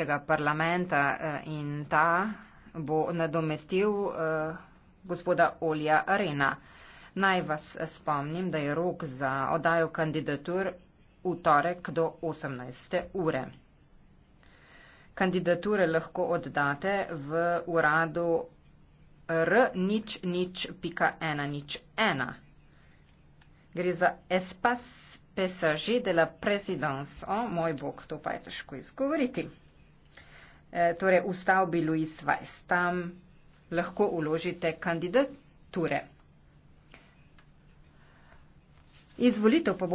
Evropskega parlamenta eh, in ta bo nadomestil eh, gospoda Olja Arena. Naj vas spomnim, da je rok za odajo kandidatur v torek do 18. ure. Kandidature lahko oddate v uradu r.nič.nič.ena. Gre za espas pesaže de la presidence. O, moj bog, to pa je težko izgovoriti. Eh, torej v stavbi Louis Weiss. Tam lahko uložite kandidature. Izvolitev pa bo.